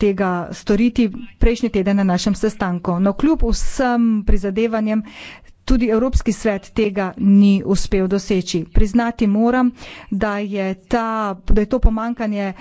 tega storiti prejšnji teden na našem sestanku. No kljub vsem prizadevanjem tudi Evropski svet tega ni uspel doseči. Priznati moram, da je, ta, da je to pomankanje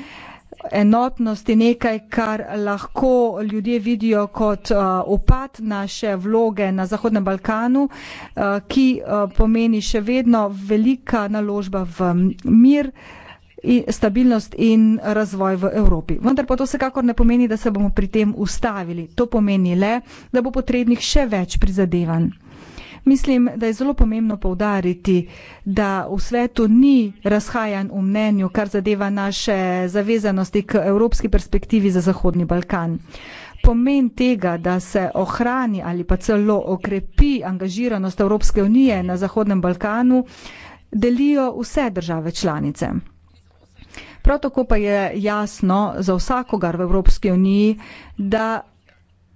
enotnosti nekaj, kar lahko ljudje vidijo kot uh, upad naše vloge na Zahodnem Balkanu, uh, ki uh, pomeni še vedno velika naložba v mir. Uh, in stabilnost in razvoj v Evropi. Vendar pa to vsekakor ne pomeni, da se bomo pri tem ustavili. To pomeni le, da bo potrebnih še več prizadevanj. Mislim, da je zelo pomembno povdariti, da v svetu ni razhajan v mnenju, kar zadeva naše zavezanosti k evropski perspektivi za Zahodni Balkan. Pomen tega, da se ohrani ali pa celo okrepi angažiranost Evropske unije na Zahodnem Balkanu, delijo vse države članice. Prav tako pa je jasno za vsakogar v Evropski uniji, da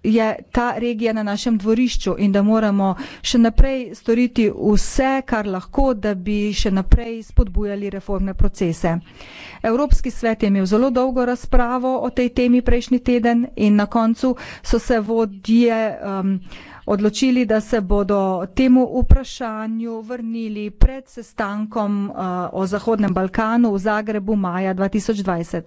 je ta regija na našem dvorišču in da moramo še naprej storiti vse, kar lahko, da bi še naprej spodbujali reformne procese. Evropski svet je imel zelo dolgo razpravo o tej temi prejšnji teden in na koncu so se vodje um, odločili, da se bodo temu vprašanju vrnili pred sestankom eh, o Zahodnem Balkanu v Zagrebu maja 2020.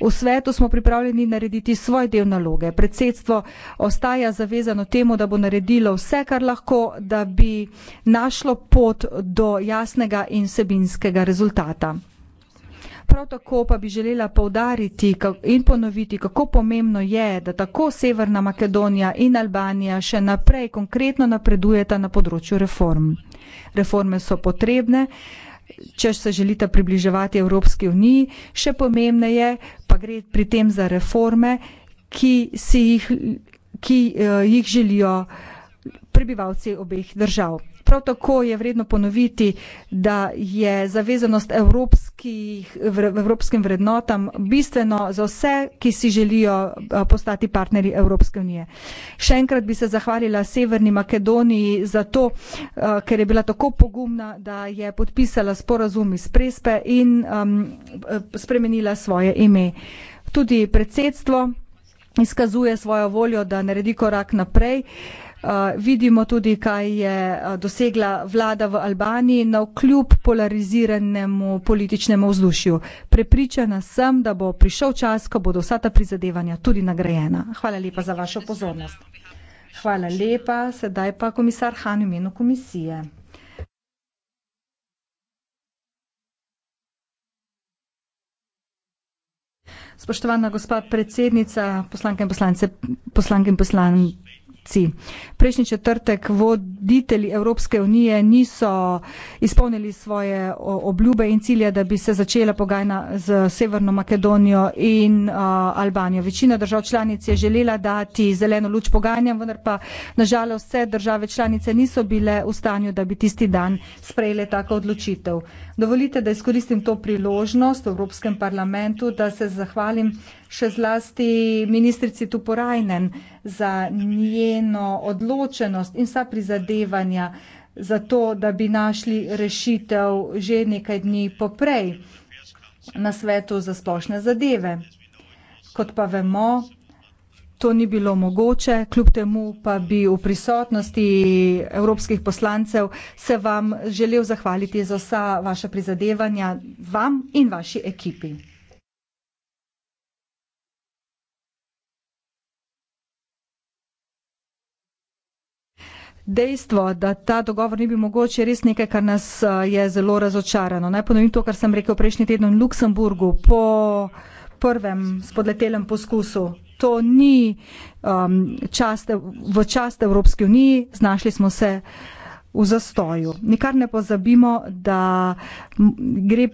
V svetu smo pripravljeni narediti svoj del naloge. Predsedstvo ostaja zavezano temu, da bo naredilo vse, kar lahko, da bi našlo pot do jasnega in sebinskega rezultata prav tako pa bi želela povdariti in ponoviti, kako pomembno je, da tako Severna Makedonija in Albanija še naprej konkretno napredujeta na področju reform. Reforme so potrebne, če se želite približevati Evropski uniji, še pomembneje pa gre pri tem za reforme, ki, jih, ki eh, jih želijo prebivalci obeh držav. Prav tako je vredno ponoviti, da je zavezanost Evropske ki jih v evropskem vrednotam bistveno za vse, ki si želijo eh, postati partneri Evropske unije. Še enkrat bi se zahvalila Severni Makedoniji za to, eh, ker je bila tako pogumna, da je podpisala sporazum iz Prespe in um, spremenila svoje ime. Tudi predsedstvo izkazuje svojo voljo, da naredi korak naprej. Uh, Eh, vidimo tudi, kaj je eh, dosegla vlada v Albaniji na vkljub polariziranemu političnemu vzdušju. Prepričana sem, da bo prišel čas, ko bodo vsa ta prizadevanja tudi nagrajena. Hvala lepa za vašo pozornost. Hvala lepa, sedaj pa komisar Han v imenu komisije. Spoštovana gospa predsednica, poslanke in poslance, poslanke in poslanci. Konferenci. Prejšnji četrtek voditelji Evropske unije niso izpolnili svoje obljube in cilje, da bi se začela pogajna z Severno Makedonijo in uh, Albanijo. Večina držav članic je želela dati zeleno luč pogajanjem, vendar pa nažalost vse države članice niso bile v stanju, da bi tisti dan sprejele tako odločitev. Uh, Dovolite, da izkoristim to priložnost v Evropskem parlamentu, da se zahvalim še zlasti ministrici Tuporajnen za njeno odločenost in vsa prizadevanja za to, da bi našli rešitev že nekaj dni poprej na svetu za splošne zadeve. Kot pa vemo, to ni bilo mogoče, kljub temu pa bi v prisotnosti evropskih poslancev se vam želel zahvaliti za vsa vaša prizadevanja, vam in vaši ekipi. Dejstvo, da ta dogovor ni bil mogoč, je res nekaj, kar nas eh, je zelo razočarano. Naj ponovim to, kar sem rekel prejšnji teden v Luksemburgu po prvem spodletelem poskusu to ni um, čast, v čast Evropske unije, znašli smo se v zastoju. Nikar ne pozabimo, da gre,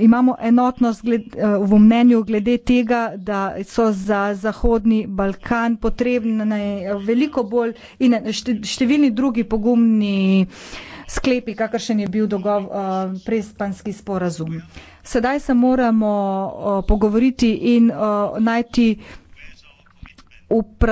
imamo enotnost gled, v mnenju glede tega, da so za Zahodni Balkan potrebne veliko bolj in številni drugi pogumni sklepi, kakršen je bil dogov, uh, prespanski sporazum. Sedaj se moramo uh, pogovoriti in uh, najti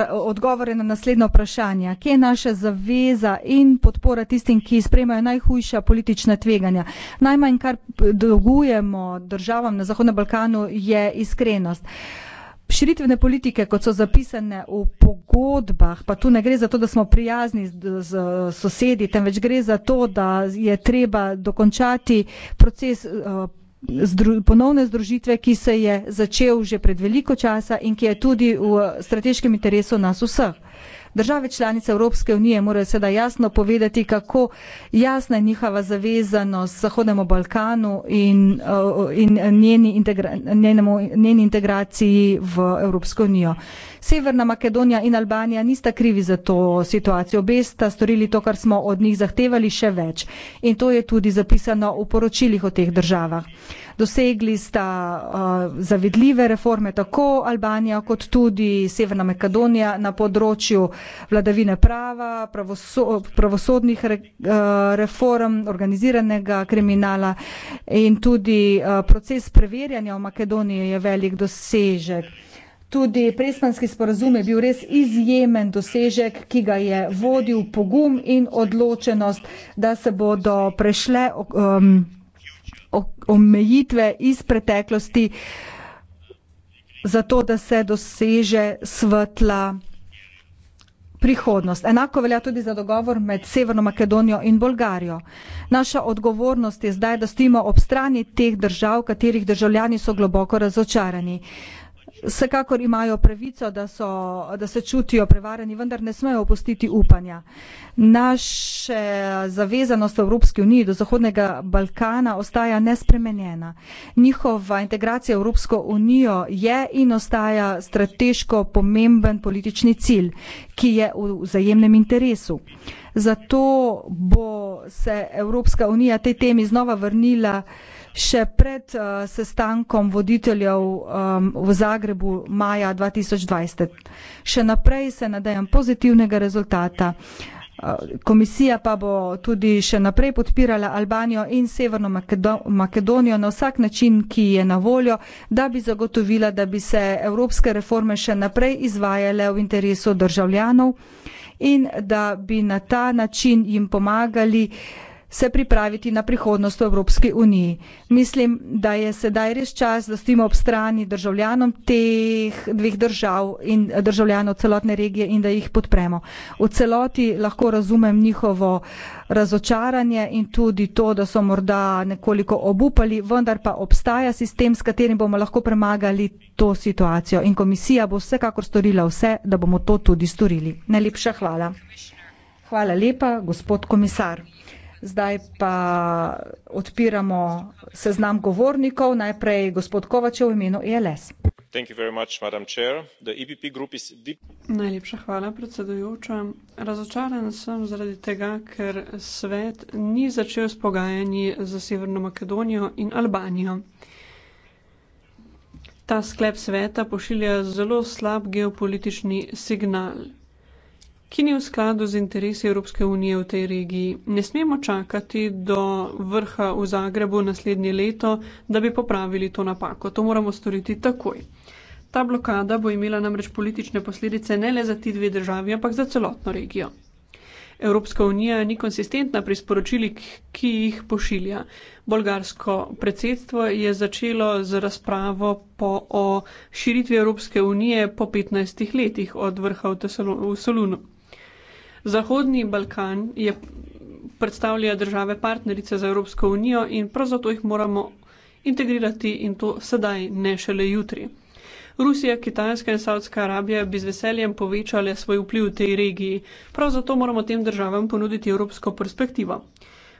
odgovore na naslednja vprašanja. Kje je naša zaveza in podpora tistim, ki spremajo najhujša politična tveganja? Najmanj, kar dolgujemo državam na Zahodnem Balkanu, je iskrenost. Širitvene politike, kot so zapisane v pogodbah, pa tu ne gre za to, da smo prijazni z, z sosedi, temveč gre za to, da je treba dokončati proces uh, zdru, ponovne združitve, ki se je začel že pred veliko časa in ki je tudi v strateškem interesu nas vseh. Države članice Evropske unije morajo sedaj jasno povedati, kako jasna je njihova zavezanost Zahodnemu Balkanu in, uh, in njeni integra, njenemu, njeni integraciji v Evropsko unijo. Severna Makedonija in Albanija nista krivi za to situacijo. Obe sta storili to, kar smo od njih zahtevali še več. In to je tudi zapisano v poročilih o teh državah. Dosegli sta uh, zavidljive reforme tako Albanija kot tudi Severna Makedonija na področju vladavine prava, pravoso pravosodnih re uh, reform, organiziranega kriminala in tudi uh, proces preverjanja v Makedoniji je velik dosežek. Tudi prespanski sporazum je bil res izjemen dosežek, ki ga je vodil pogum in odločenost, da se bodo prešle um, omejitve iz preteklosti zato, da se doseže svetla prihodnost. Enako velja tudi za dogovor med Severno Makedonijo in Bolgarijo. Naša odgovornost je zdaj, da stojimo ob strani teh držav, katerih državljani so globoko razočarani. Uh, vsekakor imajo pravico, da, so, da se čutijo prevarani, vendar ne smejo opustiti upanja. Naša zavezanost v Evropski uniji do Zahodnega Balkana ostaja nespremenjena. Njihova integracija v Evropsko unijo je in ostaja strateško pomemben politični cilj, ki je v vzajemnem interesu. Zato bo se Evropska unija tej temi znova vrnila še pred uh, sestankom voditeljev um, v Zagrebu maja 2020. Še naprej se nadejam pozitivnega rezultata. Uh, komisija pa bo tudi še naprej podpirala Albanijo in Severno Makedo Makedonijo na vsak način, ki je na voljo, da bi zagotovila, da bi se evropske reforme še naprej izvajale v interesu državljanov in da bi na ta način jim pomagali. Uh, se pripraviti na prihodnost v Evropski uniji. Mislim, da je sedaj res čas, da stimo ob strani državljanom teh dveh držav in državljanov celotne regije in da jih podpremo. V celoti lahko razumem njihovo razočaranje in tudi to, da so morda nekoliko obupali, vendar pa obstaja sistem, s katerim bomo lahko premagali to situacijo in komisija bo vsekakor storila vse, da bomo to tudi storili. Najlepša hvala. Hvala lepa, gospod komisar. Zdaj pa odpiramo seznam govornikov. Najprej gospod Kovačev v imenu ELS. E Najlepša hvala, predsedujoča. Razočaran sem zaradi tega, ker svet ni začel s pogajanji za Severno Makedonijo in Albanijo. Ta sklep sveta pošilja zelo slab geopolitični signal ki ni v skladu z interesi Evropske unije v tej regiji. Ne smemo čakati do vrha v Zagrebu naslednje leto, da bi popravili to napako. To moramo storiti takoj. Ta blokada bo imela namreč politične posledice ne le za ti dve državi, ampak za celotno regijo. Evropska unija ni konsistentna pri sporočili, ki jih pošilja. Bolgarsko predsedstvo je začelo z razpravo po, o širitvi Evropske unije po 15 letih od vrha v, Tesolo, v Solunu. Zahodni Balkan je predstavlja države partnerice za Evropsko unijo in prav zato jih moramo integrirati in to sedaj, ne šele jutri. Rusija, Kitajska in Saudska Arabija bi z veseljem povečale svoj vpliv v tej regiji, prav zato moramo tem državam ponuditi evropsko perspektivo.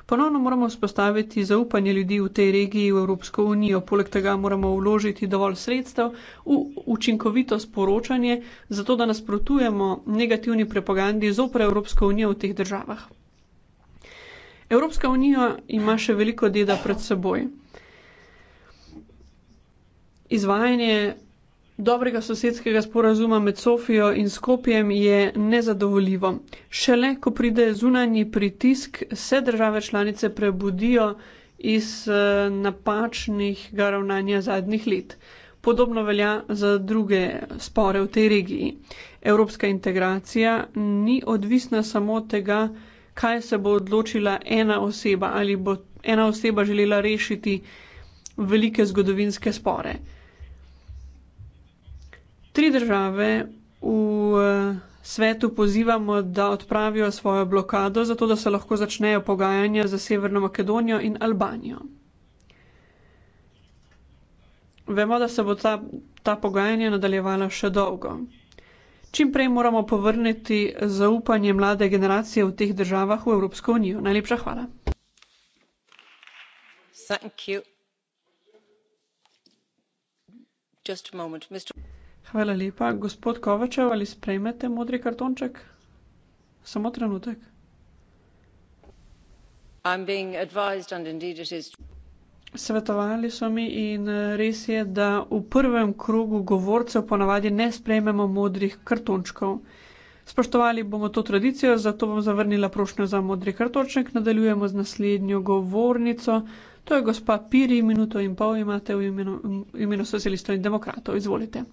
Ponovno moramo vzpostaviti zaupanje ljudi v tej regiji v Evropsko unijo, poleg tega moramo vložiti dovolj sredstev v učinkovito sporočanje, zato da nasprotujemo negativni propagandi zopre Evropsko unijo v teh državah. Evropska unija ima še veliko dela pred seboj. Izvajanje Dobrega sosedskega sporazuma med Sofijo in Skopjem je nezadovoljivo. Šele, ko pride zunanji pritisk, se države članice prebudijo iz eh, napačnih ravnanja zadnjih let. Podobno velja za druge spore v tej regiji. Evropska integracija ni odvisna samo od tega, kaj se bo odločila ena oseba ali bo ena oseba želela rešiti velike zgodovinske spore tri države v eh, svetu pozivamo, da odpravijo svojo blokado, zato da se lahko začnejo pogajanja za Severno Makedonijo in Albanijo. Vemo, da se bo ta, ta pogajanja nadaljevala še dolgo. Čim prej moramo povrniti zaupanje mlade generacije v teh državah v Evropsko unijo. Najlepša hvala. Just a moment, Mr. Hvala lepa. Gospod Kovačev, ali sprejmete modri kartonček? Samo trenutek. Svetovali so mi in eh, res je, da v prvem krogu govorcev ponavadi ne sprejmemo modrih kartončkov. Spoštovali bomo to tradicijo, zato bom zavrnila prošnjo za modri kartonček. Nadaljujemo z naslednjo govornico. To je gospa Piri, minuto in pol imate v imenu, imenu socialistov in demokratov. Izvolite.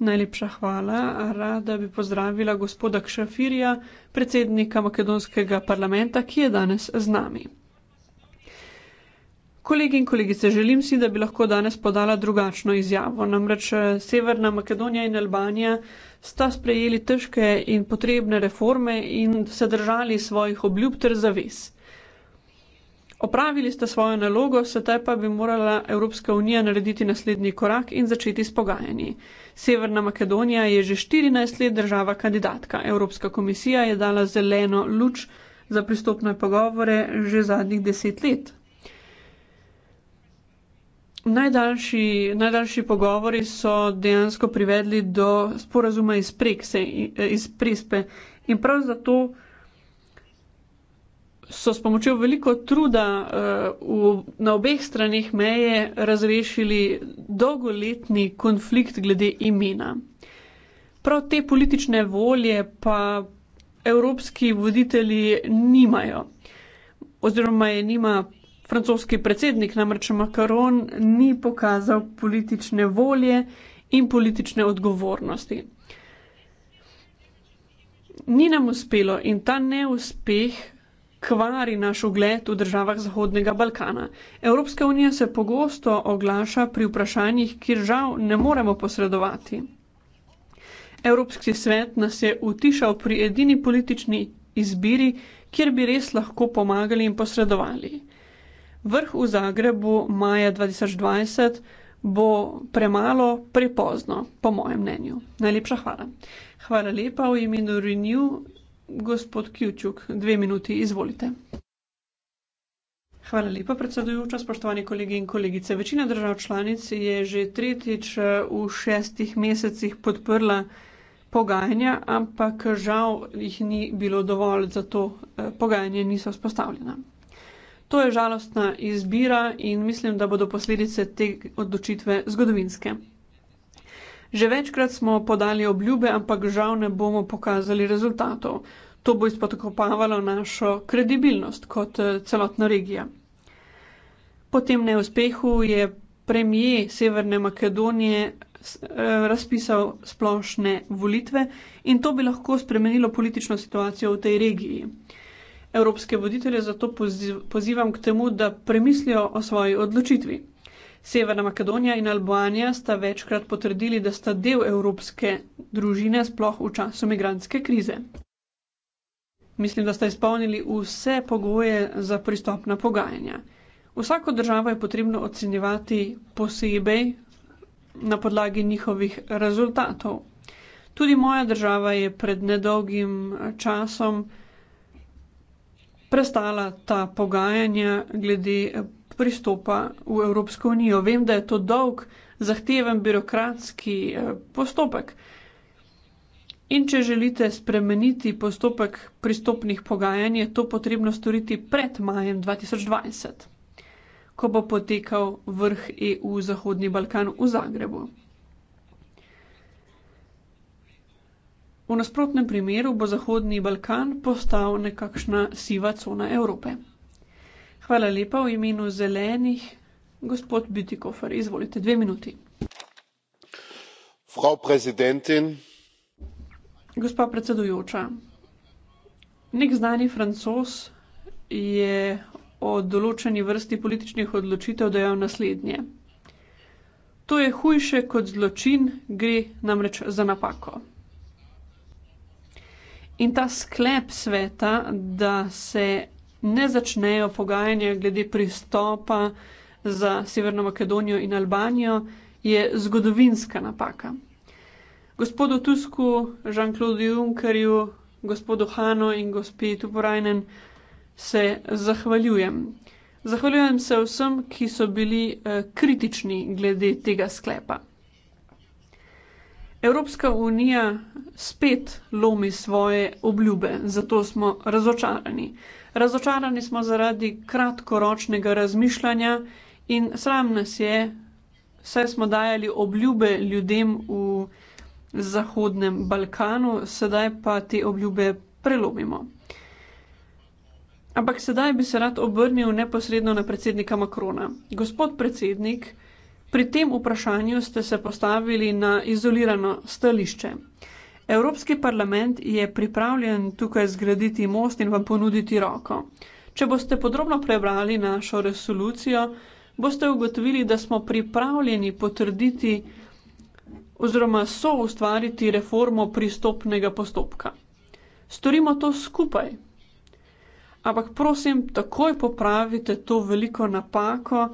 Najlepša hvala. Rada bi pozdravila gospoda Kšafirja, predsednika Makedonskega parlamenta, ki je danes z nami. Kolegi in kolegice, želim si, da bi lahko danes podala drugačno izjavo. Namreč eh, Severna Makedonija in Albanija sta sprejeli težke in potrebne reforme in se držali svojih obljub ter zavez. Opravili ste svojo nalogo, sedaj pa bi morala Evropska unija narediti naslednji korak in začeti s pogajanji. Severna Makedonija je že 14 let država kandidatka. Evropska komisija je dala zeleno luč za pristopne pogovore že zadnjih deset let. Najdaljši, najdaljši pogovori so dejansko privedli do sporazuma iz, prekse, iz Prispe in prav zato so s pomočjo veliko truda uh, v, na obeh stranih meje razrešili dolgoletni konflikt glede imena. Prav te politične volje pa evropski voditelji nimajo, oziroma je nima francoski predsednik, namreč Macron ni pokazal politične volje in politične odgovornosti. Ni nam uspelo in ta neuspeh kvari naš ugled v državah Zahodnega Balkana. Evropska unija se pogosto oglaša pri vprašanjih, kjer žal ne moremo posredovati. Evropski svet nas je utišal pri edini politični izbiri, kjer bi res lahko pomagali in posredovali. Vrh v Zagrebu maja 2020 bo premalo prepozno, po mojem mnenju. Najlepša hvala. Hvala lepa v imenu Renew. Gospod Kjučuk, dve minuti, izvolite. Hvala lepa, predsedujoča, spoštovani kolegi in kolegice. Večina držav članic je že tretjič eh, v šestih mesecih podprla pogajanja, ampak žal jih ni bilo dovolj, zato eh, pogajanja niso spostavljena. To je žalostna izbira in mislim, da bodo posledice te odločitve zgodovinske. Že večkrat smo podali obljube, ampak žal ne bomo pokazali rezultatov. To bo izpodkopavalo našo kredibilnost kot eh, celotna regija. Po tem neuspehu je premijer Severne Makedonije eh, razpisal splošne volitve in to bi lahko spremenilo politično situacijo v tej regiji. Evropske voditelje zato pozivam k temu, da premislijo o svoji odločitvi. Severna Makedonija in Albanija sta večkrat potrdili, da sta del evropske družine, sploh v času migranske krize. Mislim, da sta izpolnili vse pogoje za pristopna pogajanja. Vsako državo je potrebno ocenjevati posebej na podlagi njihovih rezultatov. Tudi moja država je pred nedolgim časom prestala ta pogajanja glede pristopa v Evropsko unijo. Vem, da je to dolg, zahteven birokratski eh, postopek. In če želite spremeniti postopek pristopnih pogajanj, je to potrebno storiti pred majem 2020, ko bo potekal vrh EU Zahodni Balkan v Zagrebu. V nasprotnem primeru bo Zahodni Balkan postal nekakšna siva cona Evrope. Hvala lepa v imenu zelenih. Gospod Bütikofer, izvolite dve minuti. Frau Präsidentin. Gospa predsedujoča. Nek znani francos je o določeni vrsti političnih odločitev dejal naslednje. To je hujše kot zločin, gre namreč za napako. In ta sklep sveta, da se ne začnejo pogajanja glede pristopa za Severno Makedonijo in Albanijo, je zgodovinska napaka. Gospodu Tusku, Jean-Claude Junckerju, gospodu Hanu in gospi Tuporajnen se zahvaljujem. Zahvaljujem se vsem, ki so bili eh, kritični glede tega sklepa. Evropska unija spet lomi svoje obljube, zato smo razočarani. Razočarani smo zaradi kratkoročnega razmišljanja in sram nas je, saj smo dajali obljube ljudem v Zahodnem Balkanu, sedaj pa te obljube prelomimo. Ampak sedaj bi se rad obrnil neposredno na predsednika Makrona. Gospod predsednik, pri tem vprašanju ste se postavili na izolirano stališče. Evropski parlament je pripravljen tukaj zgraditi most in vam ponuditi roko. Če boste podrobno prebrali našo resolucijo, boste ugotovili, da smo pripravljeni potrditi oziroma so ustvariti reformo pristopnega postopka. Storimo to skupaj. Ampak prosim, takoj popravite to veliko napako.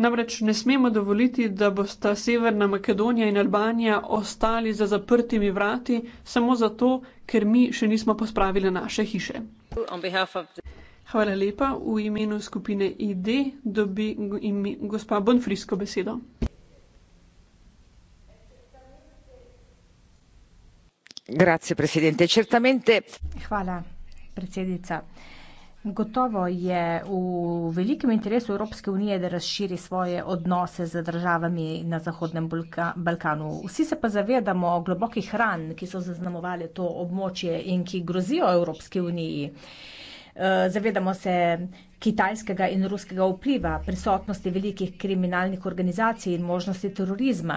Namreč ne smemo dovoliti, da bosta Severna Makedonija in Albanija ostali za zaprtimi vrati samo zato, ker mi še nismo pospravili naše hiše. Hvala lepa. V imenu skupine ID dobi gospa Bonfrisko besedo. Grazie, Hvala, predsednica. Gotovo je v velikem interesu Evropske unije, da razširi svoje odnose z državami na Zahodnem Balkanu. Vsi se pa zavedamo globokih ran, ki so zaznamovali to območje in ki grozijo Evropske uniji. Uh, Eh, zavedamo se kitajskega in ruskega vpliva, prisotnosti velikih kriminalnih organizacij in možnosti terorizma,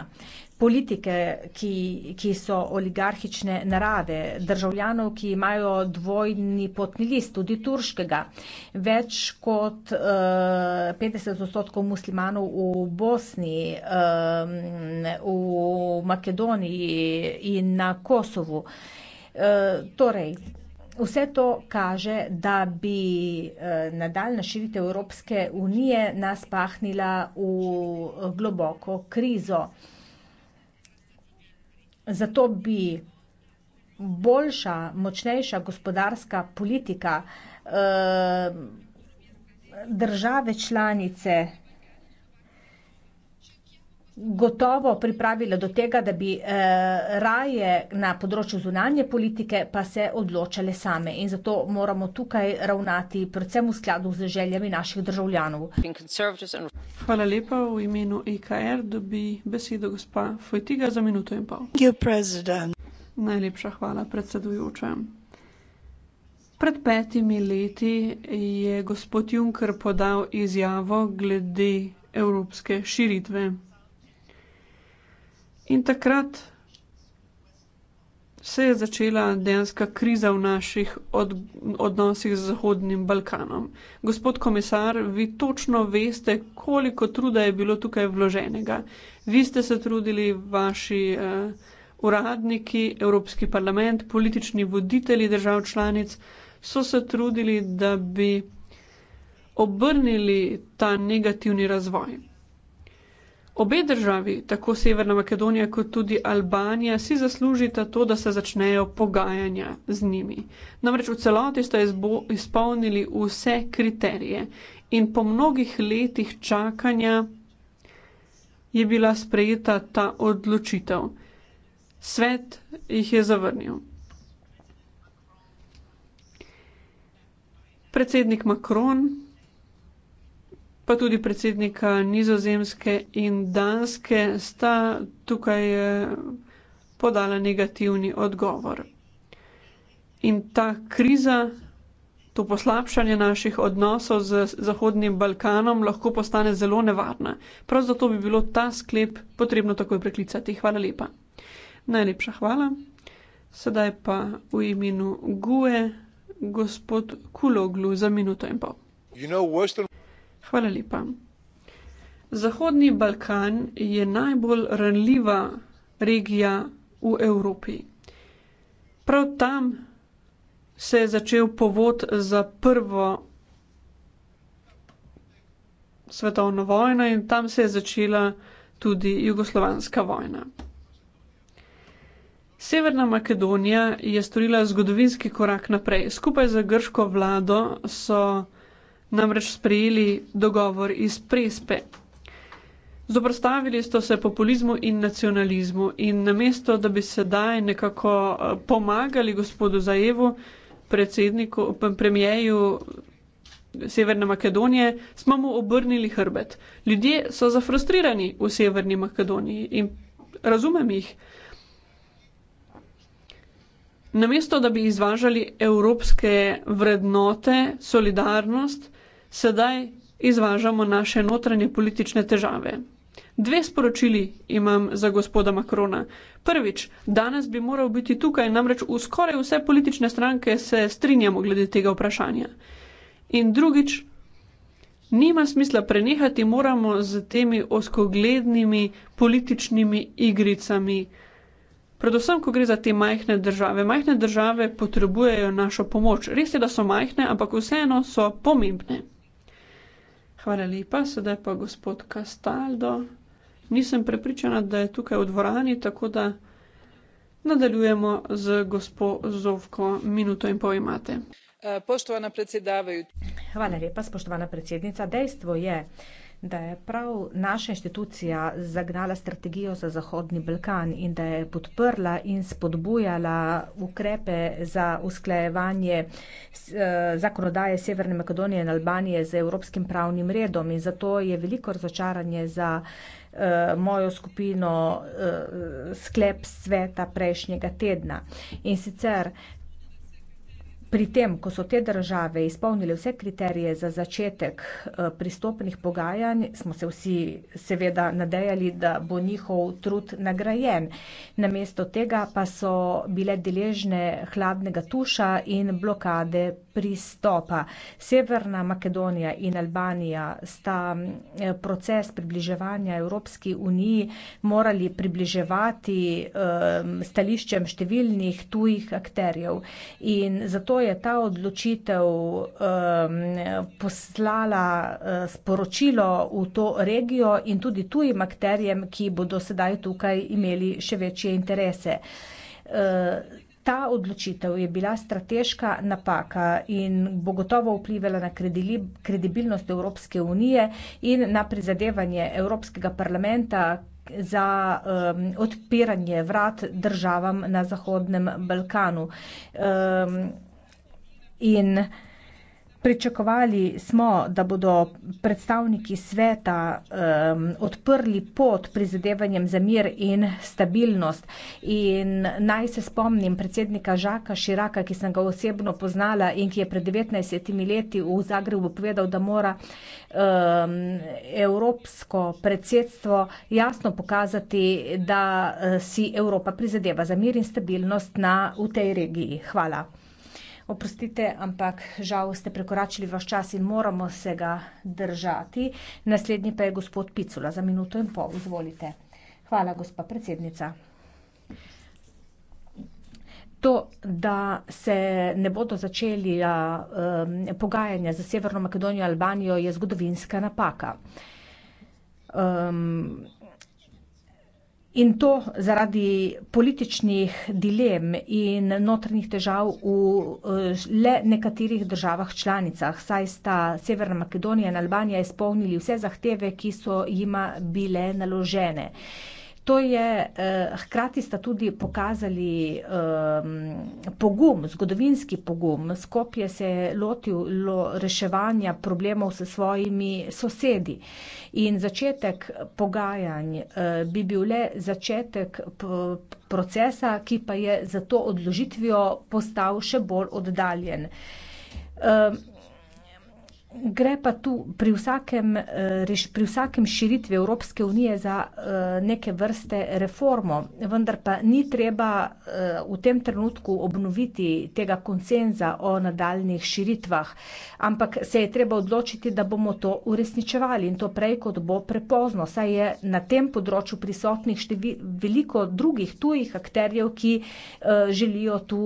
politike, ki, ki so oligarhične narave, državljanov, ki imajo dvojni potni list, tudi turškega. Več kot uh, eh, 50 odstotkov muslimanov v Bosni, um, v Makedoniji in na Kosovu. Uh, torej, vse to kaže, da bi eh, nadaljna širitev Evropske unije nas pahnila v eh, globoko krizo. Zato bi boljša, močnejša gospodarska politika eh, države članice gotovo pripravila do tega, da bi eh, raje na področju zunanje politike pa se odločale same. In zato moramo tukaj ravnati predvsem v skladu z željami naših državljanov. Hvala lepa. V imenu EKR dobi besedo gospa Fojtiga za minuto in pol. Najlepša hvala, predsedujoča. Pred petimi leti je gospod Juncker podal izjavo glede evropske širitve. In takrat se je začela dejansko kriza v naših od, odnosih z Zahodnim Balkanom. Gospod komisar, vi točno veste, koliko truda je bilo tukaj vloženega. Vi ste se trudili, vaši uh, uradniki, Evropski parlament, politični voditelji držav članic so se trudili, da bi obrnili ta negativni razvoj. Obe državi, tako Severna Makedonija kot tudi Albanija, si zaslužita to, da se začnejo pogajanja z njimi. Namreč v celoti sta izpolnili vse kriterije in po mnogih letih čakanja je bila sprejeta ta odločitev. Svet jih je zavrnil. Predsednik Macron pa tudi predsednika nizozemske in danske sta tukaj eh, podala negativni odgovor. In ta kriza, to poslabšanje naših odnosov z Zahodnim Balkanom lahko postane zelo nevarna. Prav zato bi bilo ta sklep potrebno takoj preklicati. Hvala lepa. Najlepša hvala. Sedaj pa v imenu GUE gospod Kuloglu za minuto in pol. You know, Western... Hvala lepa. Zahodni Balkan je najbolj ranljiva regija v Evropi. Prav tam se je začel povod za prvo svetovno vojno in tam se je začela tudi jugoslovanska vojna. Severna Makedonija je storila zgodovinski korak naprej. Skupaj z grško vlado so namreč sprejeli dogovor iz Prespe. Zoprostavili so se populizmu in nacionalizmu in namesto, da bi sedaj nekako eh, pomagali gospodu Zajevu, predsedniku, premijeju Severne Makedonije, smo mu obrnili hrbet. Ljudje so zafrustrirani v Severni Makedoniji in razumem jih. Namesto, da bi izvažali evropske vrednote, solidarnost, sedaj izvažamo naše notranje politične težave. Dve sporočili imam za gospoda Makrona. Prvič, danes bi moral biti tukaj, namreč v skoraj vse politične stranke se strinjamo glede tega vprašanja. In drugič, nima smisla prenehati, moramo z temi oskoglednimi političnimi igricami. Predvsem, ko gre za te majhne države. Majhne države potrebujejo našo pomoč. Res je, da so majhne, ampak vseeno so pomembne. Hvala lepa, sedaj pa gospod Kastaldo. Nisem prepričana, da je tukaj v dvorani, tako da nadaljujemo z gospo Zovko. Minuto in pol imate. Eh, poštovana predsedavajuča. Hvala lepa, spoštovana predsednica. Dejstvo je, da je prav naša inštitucija zagnala strategijo za Zahodni Balkan in da je podprla in spodbujala ukrepe za usklajevanje eh, zakonodaje Severne Makedonije in Albanije z evropskim pravnim redom. In zato je veliko razočaranje za eh, mojo skupino eh, sklep sveta prejšnjega tedna. In sicer Pri tem, ko so te države izpolnile vse kriterije za začetek eh, pristopnih pogajanj, smo se vsi seveda nadejali, da bo njihov trud nagrajen. Namesto tega pa so bile deležne hladnega tuša in blokade pristopa. Severna Makedonija in Albanija sta eh, proces približevanja Evropski uniji morali približevati eh, stališčem številnih tujih akterjev. In zato je ta odločitev ehm, poslala eh, sporočilo v to regijo in tudi tujim akterjem, ki bodo sedaj tukaj imeli še večje interese. Ta odločitev je bila strateška napaka in bo gotovo vplivala na kredibilnost Evropske unije in na prizadevanje Evropskega parlamenta za um, odpiranje vrat državam na Zahodnem Balkanu. Um, in Pričakovali smo, da bodo predstavniki sveta um, odprli pot prizadevanjem za mir in stabilnost. In naj se spomnim predsednika Žaka Širaka, ki sem ga osebno poznala in ki je pred 19 leti v Zagrebu povedal, da mora um, evropsko predsedstvo jasno pokazati, da eh, si Evropa prizadeva za mir in stabilnost na, v tej regiji. Hvala. Oprostite, ampak žal ste prekoračili vaš čas in moramo se ga držati. Naslednji pa je gospod Picula za minuto in pol. Izvolite. Hvala, gospa predsednica. To, da se ne bodo začeli um, eh, pogajanja za Severno Makedonijo in Albanijo, je zgodovinska napaka. Um, In to zaradi političnih dilem in notrnih težav v eh, le nekaterih državah članicah, saj sta Severna Makedonija in Albanija izpolnili vse zahteve, ki so jima bile naložene. To je, eh, hkrati sta tudi pokazali um, pogum, zgodovinski pogum. Skopje se je lotil lo, reševanja problemov s svojimi sosedi. In začetek pogajanj uh, bi bil le začetek procesa, ki pa je za to odložitvijo postal še bolj oddaljen. Um, Gre pa tu pri, vsakem, eh, pri vsakem širitvi Evropske unije za eh, neke vrste reformo, vendar pa ni treba eh, v tem trenutku obnoviti tega konsenza o nadaljnih širitvah, ampak se je treba odločiti, da bomo to uresničevali in to prej, kot bo prepozno. Saj je na tem področju prisotnih števi, veliko drugih tujih akterjev, ki želijo tu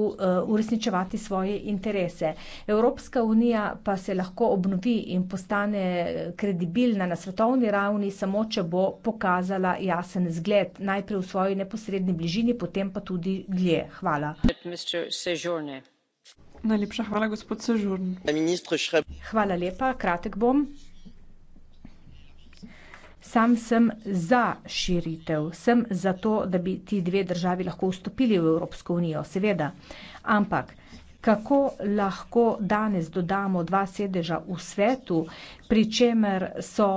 uresničevati svoje interese. Evropska unija pa se lahko obnovi ponovi in postane eh, kredibilna na svetovni ravni, samo če bo pokazala jasen zgled, najprej v svoji neposrednji bližini, potem pa tudi dlje. Hvala. Najlepša hvala, gospod Sežurn. Hvala lepa, kratek bom. Sam sem za širitev, sem za to, da bi ti dve državi lahko vstopili v Evropsko unijo, seveda. Ampak, kako lahko danes dodamo dva sedeža v svetu, pri čemer so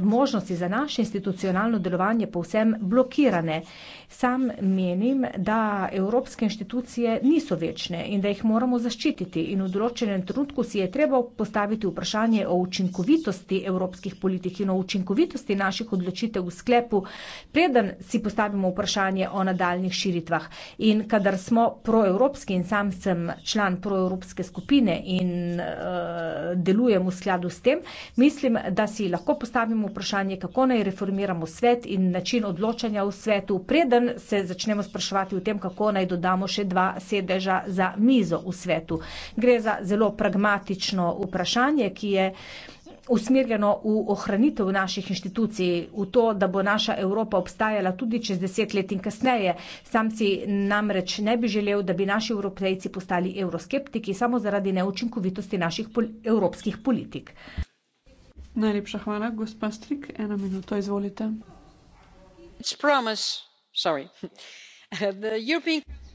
možnosti za naše institucionalno delovanje povsem blokirane. Sam menim, da evropske inštitucije niso večne in da jih moramo zaščititi in v določenem trenutku si je treba postaviti vprašanje o učinkovitosti evropskih politik in o učinkovitosti naših odločitev v sklepu, preden si postavimo vprašanje o nadaljnih širitvah. In kadar smo proevropski in sam sem član proevropske skupine in uh, delujem v skladu s tem, mislim, da si lahko postavimo vprašanje, kako naj reformiramo svet in način odločanja v svetu, preden se začnemo spraševati o tem, kako naj dodamo še dva sedeža za mizo v svetu. Gre za zelo pragmatično vprašanje, ki je usmerjeno v ohranitev naših inštitucij, v to, da bo naša Evropa obstajala tudi čez deset let in kasneje. Sam si namreč ne bi želel, da bi naši evropejci postali evroskeptiki samo zaradi neučinkovitosti naših pol evropskih politik. Najlepša hvala, gospa Strik. Eno minuto, izvolite.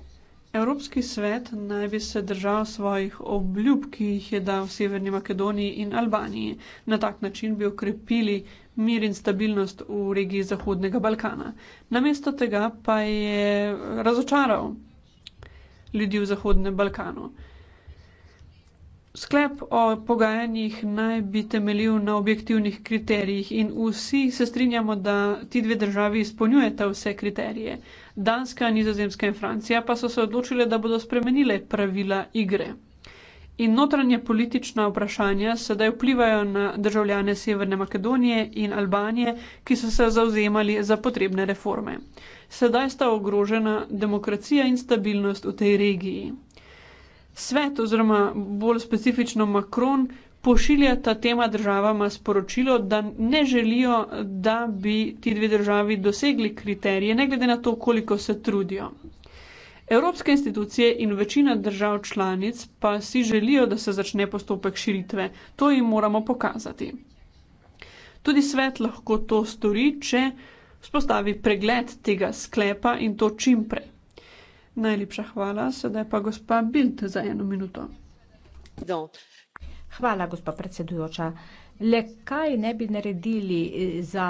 Evropski svet naj bi se držal svojih obljub, ki jih je dal Severni Makedoniji in Albaniji. Na tak način bi okrepili mir in stabilnost v regiji Zahodnega Balkana. Namesto tega pa je razočaral ljudi v Zahodnem Balkanu. Sklep o pogajanjih naj bi temeljil na objektivnih kriterijih in vsi se strinjamo, da ti dve državi izpolnjujeta vse kriterije. Danska, Nizozemska in Francija pa so se odločile, da bodo spremenile pravila igre. In notranje politična vprašanja sedaj vplivajo na državljane Severne Makedonije in Albanije, ki so se zauzemali za potrebne reforme. Sedaj sta ogrožena demokracija in stabilnost v tej regiji svet oziroma bolj specifično Macron pošiljata tema državama sporočilo, da ne želijo, da bi ti dve državi dosegli kriterije, ne glede na to, koliko se trudijo. Evropske institucije in večina držav članic pa si želijo, da se začne postopek širitve. To jim moramo pokazati. Tudi svet lahko to stori, če spostavi pregled tega sklepa in to čim prej. Najlepša hvala. Sedaj pa gospa Bild za eno minuto. Hvala, gospa predsedujoča. Le kaj ne bi naredili eh, za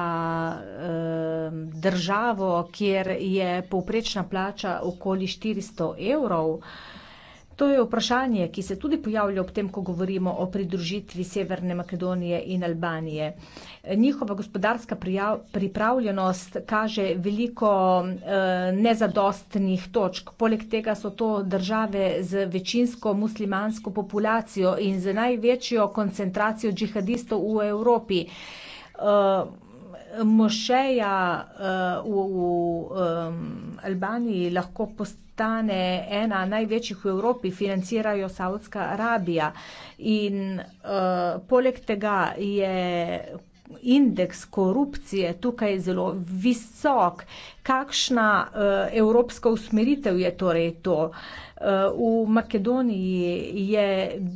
eh, državo, kjer je povprečna plača okoli 400 evrov? Eh, To je vprašanje, ki se tudi pojavlja ob tem, ko govorimo o pridružitvi Severne Makedonije in Albanije. Njihova gospodarska prijav, pripravljenost kaže veliko eh, nezadostnih točk. Poleg tega so to države z večinsko muslimansko populacijo in z največjo koncentracijo džihadistov v Evropi. Eh, mošeja uh, v, v um, Albaniji lahko postane ena največjih v Evropi, financirajo Saudska Arabija. In uh, poleg tega je indeks korupcije tukaj zelo visok. Kakšna uh, evropska usmeritev je torej to? Uh, v Makedoniji je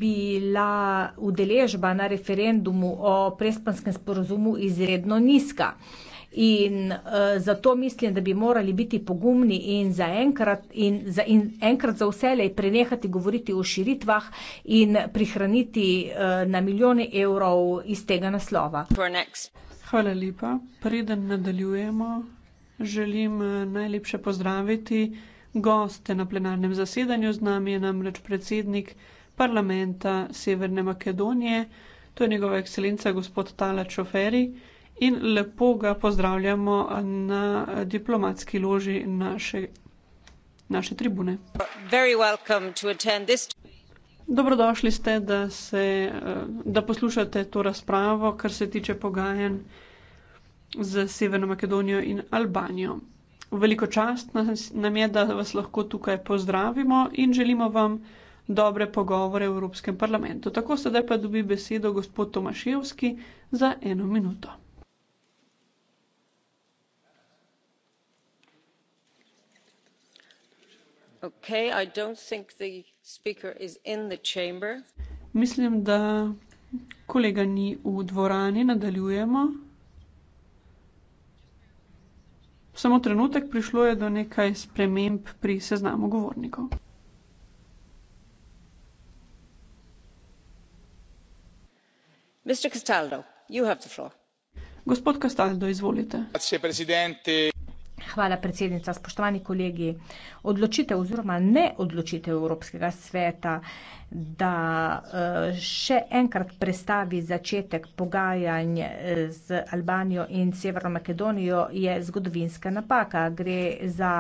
bila udeležba na referendumu o prespanskem sporozumu izredno nizka. Uh, In uh, zato mislim, da bi morali biti pogumni in za enkrat in za, in enkrat za vselej prenehati govoriti o širitvah in prihraniti uh, na milijone evrov iz tega naslova. Hvala lepa. Preden nadaljujemo, želim eh, najlepše pozdraviti goste na plenarnem zasedanju. Z nami je namreč predsednik parlamenta Severne Makedonije, to je njegova ekscelenca gospod Tala Čoferi in lepo ga pozdravljamo na diplomatski loži naše, naše tribune. Dobrodošli ste, da, se, da poslušate to razpravo, kar se tiče pogajanj z Severno Makedonijo in Albanijo. Veliko čast nas, nam je, da vas lahko tukaj pozdravimo in želimo vam dobre pogovore v Evropskem parlamentu. Tako sedaj pa dobi besedo gospod Tomaševski za eno minuto. Mislim, da kolega ni v dvorani. Nadaljujemo. Samo trenutek, prišlo je do nekaj sprememb pri seznamu govornikov. Gospod Castaldo, izvolite. Hvala, predsednica. Spoštovani kolegi, odločitev oziroma ne odločitev Evropskega sveta, da eh, še enkrat prestavi začetek pogajanj eh, z Albanijo in Severno Makedonijo, je zgodovinska napaka. Gre za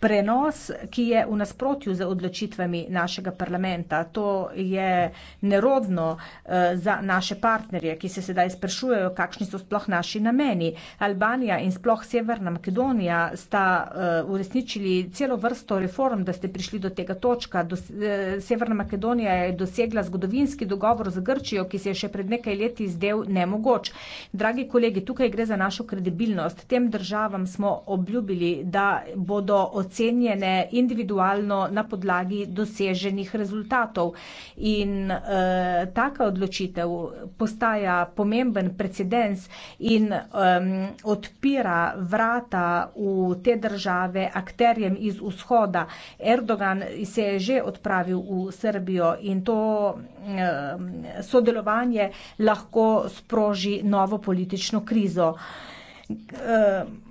prenos, ki je v nasprotju z odločitvami našega parlamenta. To je nerodno eh, za naše partnerje, ki se sedaj sprašujejo, kakšni so sploh naši nameni. Albanija in sploh Severna Makedonija sta eh, uresničili celo vrsto reform, da ste prišli do tega točka. Eh, Severna Makedonija je dosegla zgodovinski dogovor z Grčijo, ki se je še pred nekaj leti zdel nemogoč. Dragi kolegi, tukaj gre za našo kredibilnost. Tem državam smo obljubili, da bodo ocenjene individualno na podlagi doseženih rezultatov. In e, taka odločitev postaja pomemben precedens in e, odpira vrata v te države akterjem iz vzhoda. Erdogan se je že odpravil v Srbijo in to e, sodelovanje lahko sproži novo politično krizo. E,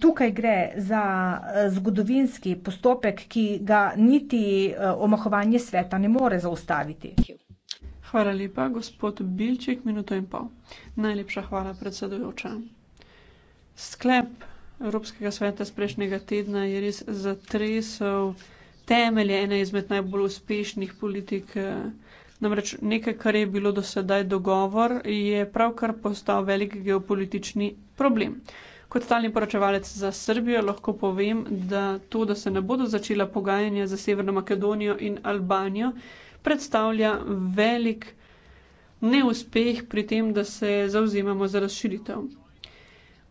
Tukaj gre za eh, zgodovinski postopek, ki ga niti eh, omahovanje sveta ne more zaustaviti. Hvala lepa, gospod Bilček, minuto in pol. Najlepša hvala, predsedujoča. Sklep Evropskega sveta z prejšnjega tedna je res zatresel temelje ene izmed najbolj uspešnih politik. Eh, namreč nekaj, kar je bilo do sedaj dogovor, je pravkar postal velik geopolitični problem. Kot stalni poročevalec za Srbijo lahko povem, da to, da se ne bodo začela pogajanja za Severno Makedonijo in Albanijo, predstavlja velik neuspeh pri tem, da se zauzemamo za razširitev.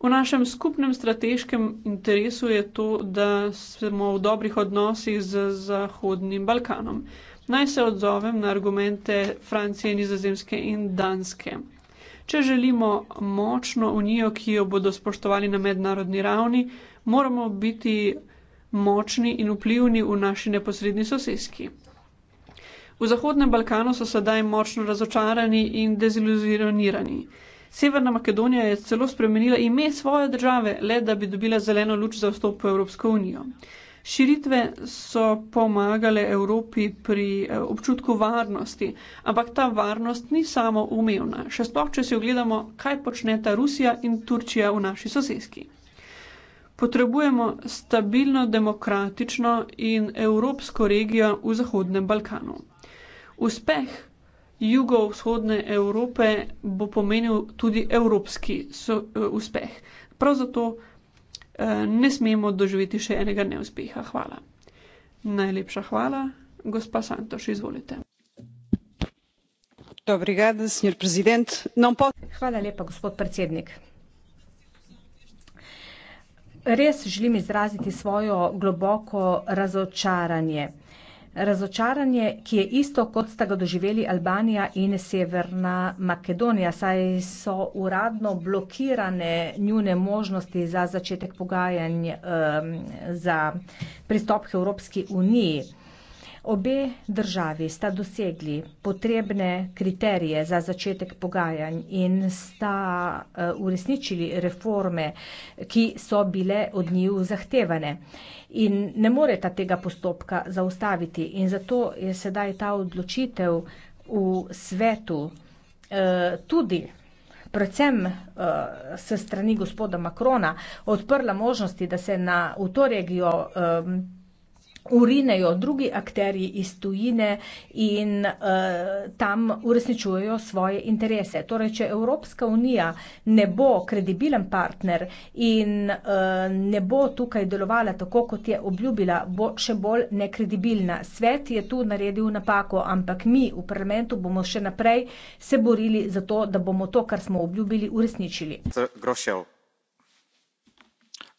V našem skupnem strateškem interesu je to, da smo v dobrih odnosih z Zahodnim Balkanom. Naj se odzovem na argumente Francije, Nizozemske in Danske. Če želimo močno unijo, ki jo bodo spoštovali na mednarodni ravni, moramo biti močni in vplivni v naši neposredni soseski. V Zahodnem Balkanu so sedaj močno razočarani in deziluzionirani. Severna Makedonija je celo spremenila ime svoje države, le da bi dobila zeleno luč za vstop v Evropsko unijo. Širitve so pomagale Evropi pri eh, občutku varnosti, ampak ta varnost ni samo umevna, še sploh, če si ogledamo, kaj počneta Rusija in Turčija v naši soseski. Potrebujemo stabilno, demokratično in evropsko regijo v Zahodnem Balkanu. Uspeh jugovzhodne Evrope bo pomenil tudi evropski so, uh, uspeh. Prav zato Eh, ne smemo doživeti še enega neuspeha. Hvala. Najlepša hvala, gospa Santoš, izvolite. Obrigada, no, po... Hvala lepa, gospod predsednik. Res želim izraziti svojo globoko razočaranje razočaranje, ki je isto, kot sta ga doživeli Albanija in Severna Makedonija, saj so uradno blokirane njune možnosti za začetek pogajanj um, za pristop k Evropski uniji. Obe državi sta dosegli potrebne kriterije za začetek pogajanj in sta eh, uresničili reforme, ki so bile od njih zahtevane. In ne moreta tega postopka zaustaviti in zato je sedaj ta odločitev v svetu eh, tudi predvsem uh, s strani gospoda Makrona, odprla možnosti, da se na, v to regijo um, urinejo drugi akterji iz tujine in uh, tam uresničujejo svoje interese. Torej, če Evropska unija ne bo kredibilen partner in uh, ne bo tukaj delovala tako, kot je obljubila, bo še bolj nekredibilna. Svet je tu naredil napako, ampak mi v parlamentu bomo še naprej se borili za to, da bomo to, kar smo obljubili, uresničili. Grošev